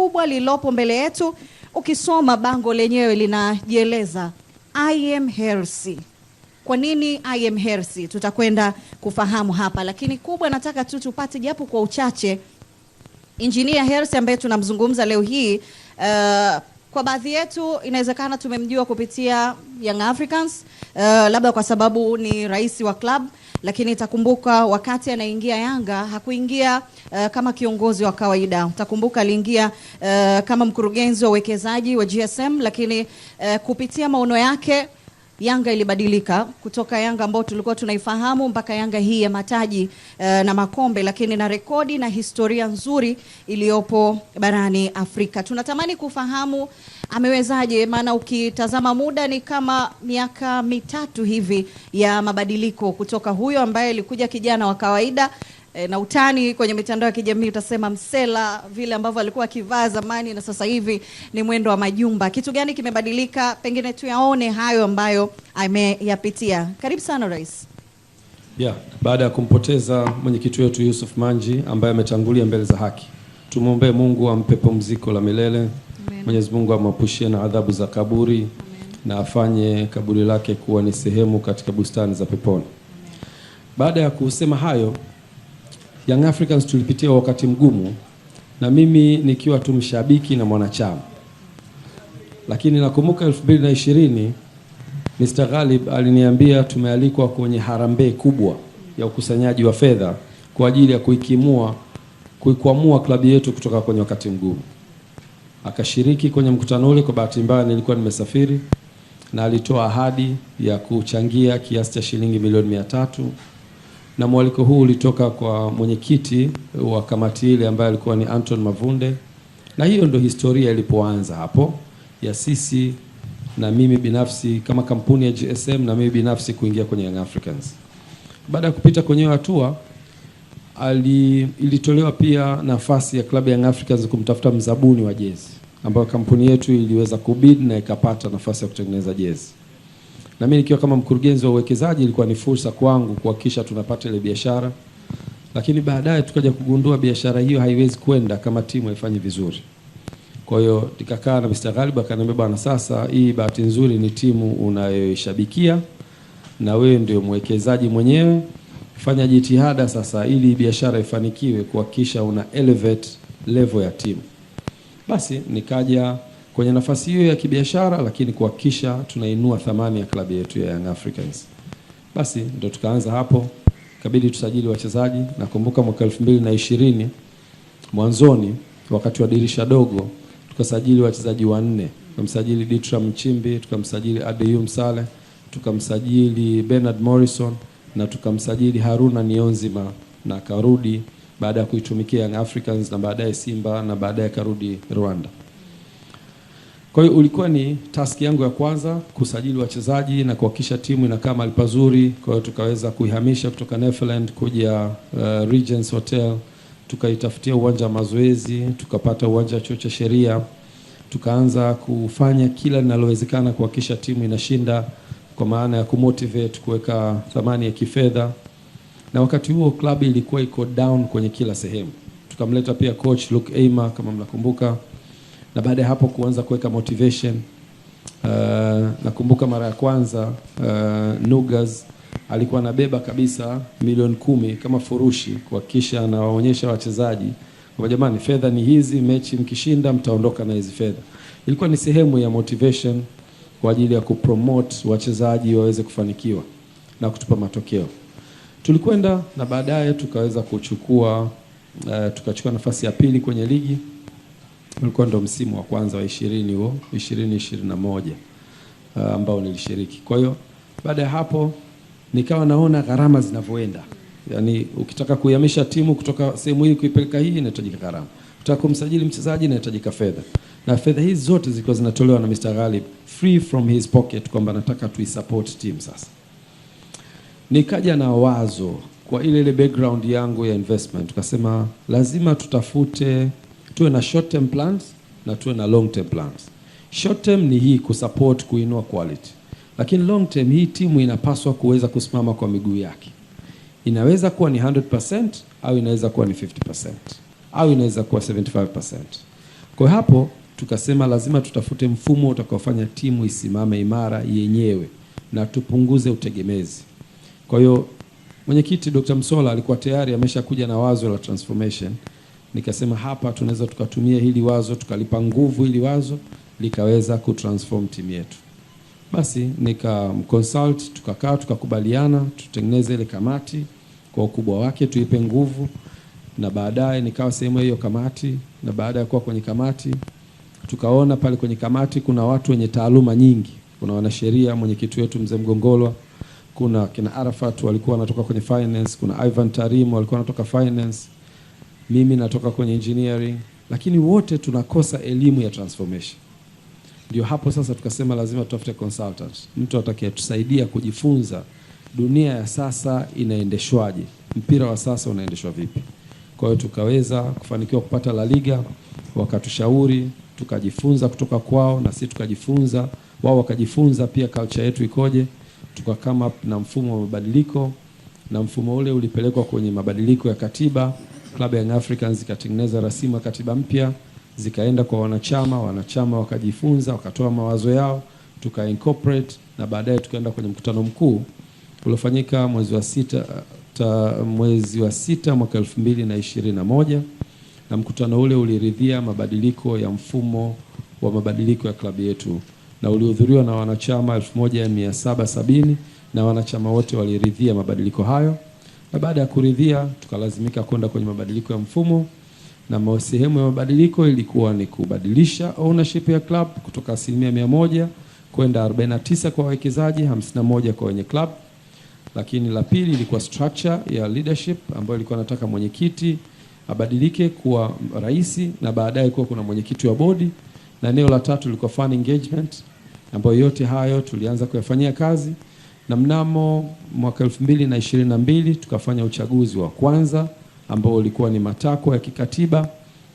kubwa lililopo mbele yetu, ukisoma bango lenyewe linajieleza I am healthy. Kwa nini I am healthy? Tutakwenda kufahamu hapa, lakini kubwa nataka tu tupate japo kwa uchache injinia Hersi ambaye tunamzungumza leo hii uh, kwa baadhi yetu inawezekana tumemjua kupitia Young Africans uh, labda kwa sababu ni rais wa club, lakini itakumbuka wakati anaingia Yanga hakuingia uh, kama kiongozi wa kawaida. Utakumbuka aliingia uh, kama mkurugenzi wa uwekezaji wa GSM, lakini uh, kupitia maono yake Yanga ilibadilika kutoka Yanga ambao tulikuwa tunaifahamu mpaka Yanga hii ya mataji uh, na makombe, lakini na rekodi na historia nzuri iliyopo barani Afrika. Tunatamani kufahamu amewezaje, maana ukitazama muda ni kama miaka mitatu hivi ya mabadiliko kutoka huyo ambaye alikuja kijana wa kawaida e, na utani kwenye mitandao ya kijamii utasema msela, vile ambavyo alikuwa akivaa zamani na sasa hivi ni mwendo wa majumba. Kitu gani kimebadilika? Pengine tuyaone hayo ambayo ameyapitia. Karibu sana Rais. Yeah, baada ya kumpoteza mwenyekiti wetu Yusuf Manji ambaye ametangulia mbele za haki, tumwombee Mungu ampe pumziko la milele. Mwenyezi Mungu amwapushie na adhabu za kaburi Amen. na afanye kaburi lake kuwa ni sehemu katika bustani za peponi Baada ya kusema hayo Young Africans tulipitia wakati mgumu, na mimi nikiwa tu mshabiki na mwanachama, lakini nakumbuka 2020 Mr. Ghalib aliniambia tumealikwa kwenye harambee kubwa ya ukusanyaji wa fedha kwa ajili ya kuikimua kuikwamua klabu yetu kutoka kwenye wakati mgumu. Akashiriki kwenye mkutano ule. Kwa bahati mbaya nilikuwa nimesafiri, na alitoa ahadi ya kuchangia kiasi cha shilingi milioni mia tatu na mwaliko huu ulitoka kwa mwenyekiti wa kamati ile ambaye alikuwa ni Anton Mavunde, na hiyo ndo historia ilipoanza hapo ya sisi na mimi binafsi kama kampuni ya GSM na mimi binafsi kuingia kwenye Young Africans. Baada ya kupita kwenye hatua ali, ilitolewa pia nafasi ya klabu ya Young Africans kumtafuta mzabuni wa jezi ambayo kampuni yetu iliweza kubid na ikapata nafasi ya kutengeneza jezi na mimi nikiwa kama mkurugenzi wa uwekezaji, ilikuwa ni fursa kwangu kuhakikisha tunapata ile biashara, lakini baadaye tukaja kugundua biashara hiyo haiwezi kwenda kama timu haifanyi vizuri. Kwa hiyo nikakaa na Mr. Ghalib akaniambia, bwana, sasa hii bahati nzuri ni timu unayoishabikia na wewe ndio mwekezaji mwenyewe, fanya jitihada sasa ili biashara ifanikiwe, kuhakikisha una elevate level ya timu. Basi nikaja kwenye nafasi hiyo ya kibiashara, lakini kuhakikisha tunainua thamani ya klabu yetu ya Young Africans. Basi ndo tukaanza hapo, kabidi tusajili wachezaji. Nakumbuka mwaka elfu mbili na ishirini mwanzoni, wakati wa dirisha dogo, tukasajili wachezaji wanne. Tukamsajili Ditra Mchimbi, tukamsajili Adeyu Msale, tukamsajili Bernard Morrison na tukamsajili Haruna Nionzima na akarudi baada ya kuitumikia Young Africans na baadaye Simba na baadaye akarudi Rwanda. Kwa hiyo ulikuwa ni taski yangu ya kwanza kusajili wachezaji na kuhakikisha timu inakaa mahali pazuri. Kwa hiyo tukaweza kuihamisha kutoka Netherland kuja uh, Regents Hotel, tukaitafutia uwanja wa mazoezi, tukapata uwanja wa chuo cha sheria, tukaanza kufanya kila linalowezekana kuhakikisha timu inashinda, kwa maana ya kumotivate, kuweka thamani ya kifedha, na wakati huo klabu ilikuwa iko down kwenye kila sehemu. Tukamleta pia coach Luke Eimer kama mnakumbuka na baada ya hapo kuanza kuweka motivation. Uh, nakumbuka mara ya kwanza uh, Nugas alikuwa anabeba kabisa milioni kumi kama furushi kuhakikisha anawaonyesha wachezaji kwa jamani, fedha ni hizi, mechi mkishinda mtaondoka na hizi fedha. Ilikuwa ni sehemu ya motivation kwa ajili ya kupromote wachezaji waweze kufanikiwa na kutupa matokeo. Tulikwenda na baadaye tukaweza kuchukua uh, tukachukua nafasi ya pili kwenye ligi ulikuwa ndo msimu wa kwanza wa ishirini huo ishirini ishirini na moja ah, ambao nilishiriki. Kwa hiyo baada ya hapo nikawa naona gharama zinavyoenda, yaani ukitaka kuihamisha timu kutoka sehemu hii kuipeleka hii inahitajika gharama, ukitaka kumsajili mchezaji inahitajika fedha, na fedha hizi zote zilikuwa zinatolewa na Mr. Ghalib free from his pocket, kwamba nataka tuisupport team. Sasa nikaja na wazo kwa ile ile background yangu ya investment, tukasema lazima tutafute tuwe na short term plans na tuwe na long term plans. Short term ni hii kusupport, kuinua quality, lakini long term hii timu inapaswa kuweza kusimama kwa miguu yake. Inaweza kuwa ni 100% au inaweza kuwa ni 50% au inaweza kuwa 75%. Kwa hapo tukasema lazima tutafute mfumo utakaofanya timu isimame imara yenyewe na tupunguze utegemezi. Kwa hiyo mwenyekiti Dr. Msola alikuwa tayari ameshakuja na wazo la transformation nikasema hapa tunaweza tukatumia hili wazo tukalipa nguvu hili wazo likaweza kutransform timu yetu. Basi nikamconsult, tukakaa tukakubaliana tutengeneze ile kamati kwa ukubwa wake, tuipe nguvu, na baadaye nikawa sehemu hiyo kamati. Na baada ya kuwa kwenye kamati, tukaona pale kwenye kamati kuna watu wenye taaluma nyingi, kuna wanasheria, mwenyekiti wetu mzee Mgongolwa, kuna kina Arafat walikuwa wanatoka kwenye finance, kuna Ivan Tarim walikuwa wanatoka finance mimi natoka kwenye engineering, lakini wote tunakosa elimu ya transformation. Ndio hapo sasa tukasema lazima tutafute consultant, mtu atakayetusaidia kujifunza dunia ya sasa inaendeshwaje, mpira wa sasa unaendeshwa vipi. Kwa hiyo tukaweza kufanikiwa kupata La Liga, wakatushauri tukajifunza kutoka kwao, na sisi tukajifunza, wao wakajifunza pia culture yetu ikoje. Tuka come up na mfumo wa mabadiliko, na mfumo ule ulipelekwa kwenye mabadiliko ya katiba. Club Young Africans zikatengeneza rasimu katiba mpya, zikaenda kwa wanachama, wanachama wakajifunza, wakatoa mawazo yao, tuka incorporate na baadaye tukaenda kwenye mkutano mkuu uliofanyika mwezi wa sita ta, mwezi wa sita mwaka elfu mbili na ishirini na moja na mkutano ule uliridhia mabadiliko ya mfumo wa mabadiliko ya klabu yetu na ulihudhuriwa na wanachama 1770 na wanachama wote waliridhia mabadiliko hayo na baada ya kuridhia tukalazimika kwenda kwenye mabadiliko ya mfumo, na sehemu ya mabadiliko ilikuwa ni kubadilisha ownership ya club kutoka asilimia mia moja kwenda 49 kwa wawekezaji, 51 kwa wenye club. Lakini la pili ilikuwa structure ya leadership ambayo ilikuwa nataka mwenyekiti abadilike kuwa rais na baadaye kuwa kuna mwenyekiti wa bodi, na eneo la tatu ilikuwa fan engagement, ambayo yote hayo tulianza kuyafanyia kazi na mnamo mwaka mbili tukafanya uchaguzi wa kwanza ambao ulikuwa ni matakwa ya kikatiba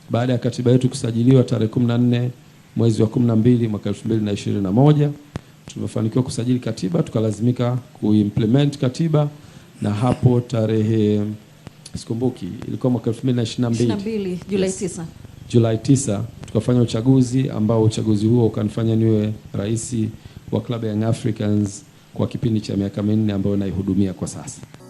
baada ya katiba yetu kusajiliwa tarehe 14 mwezi wa mbili mwaka moja Tumefanikiwa kusajili katiba, tukalazimika kuimplement katiba na hapo tarehe sikumbuki, ilikuwa mwaka 2022 Julai 9 Julai 9 tukafanya uchaguzi ambao uchaguzi huo ukanifanya niwe rais wa klabu ya Young Africans kwa kipindi cha miaka minne ambayo naihudumia kwa sasa.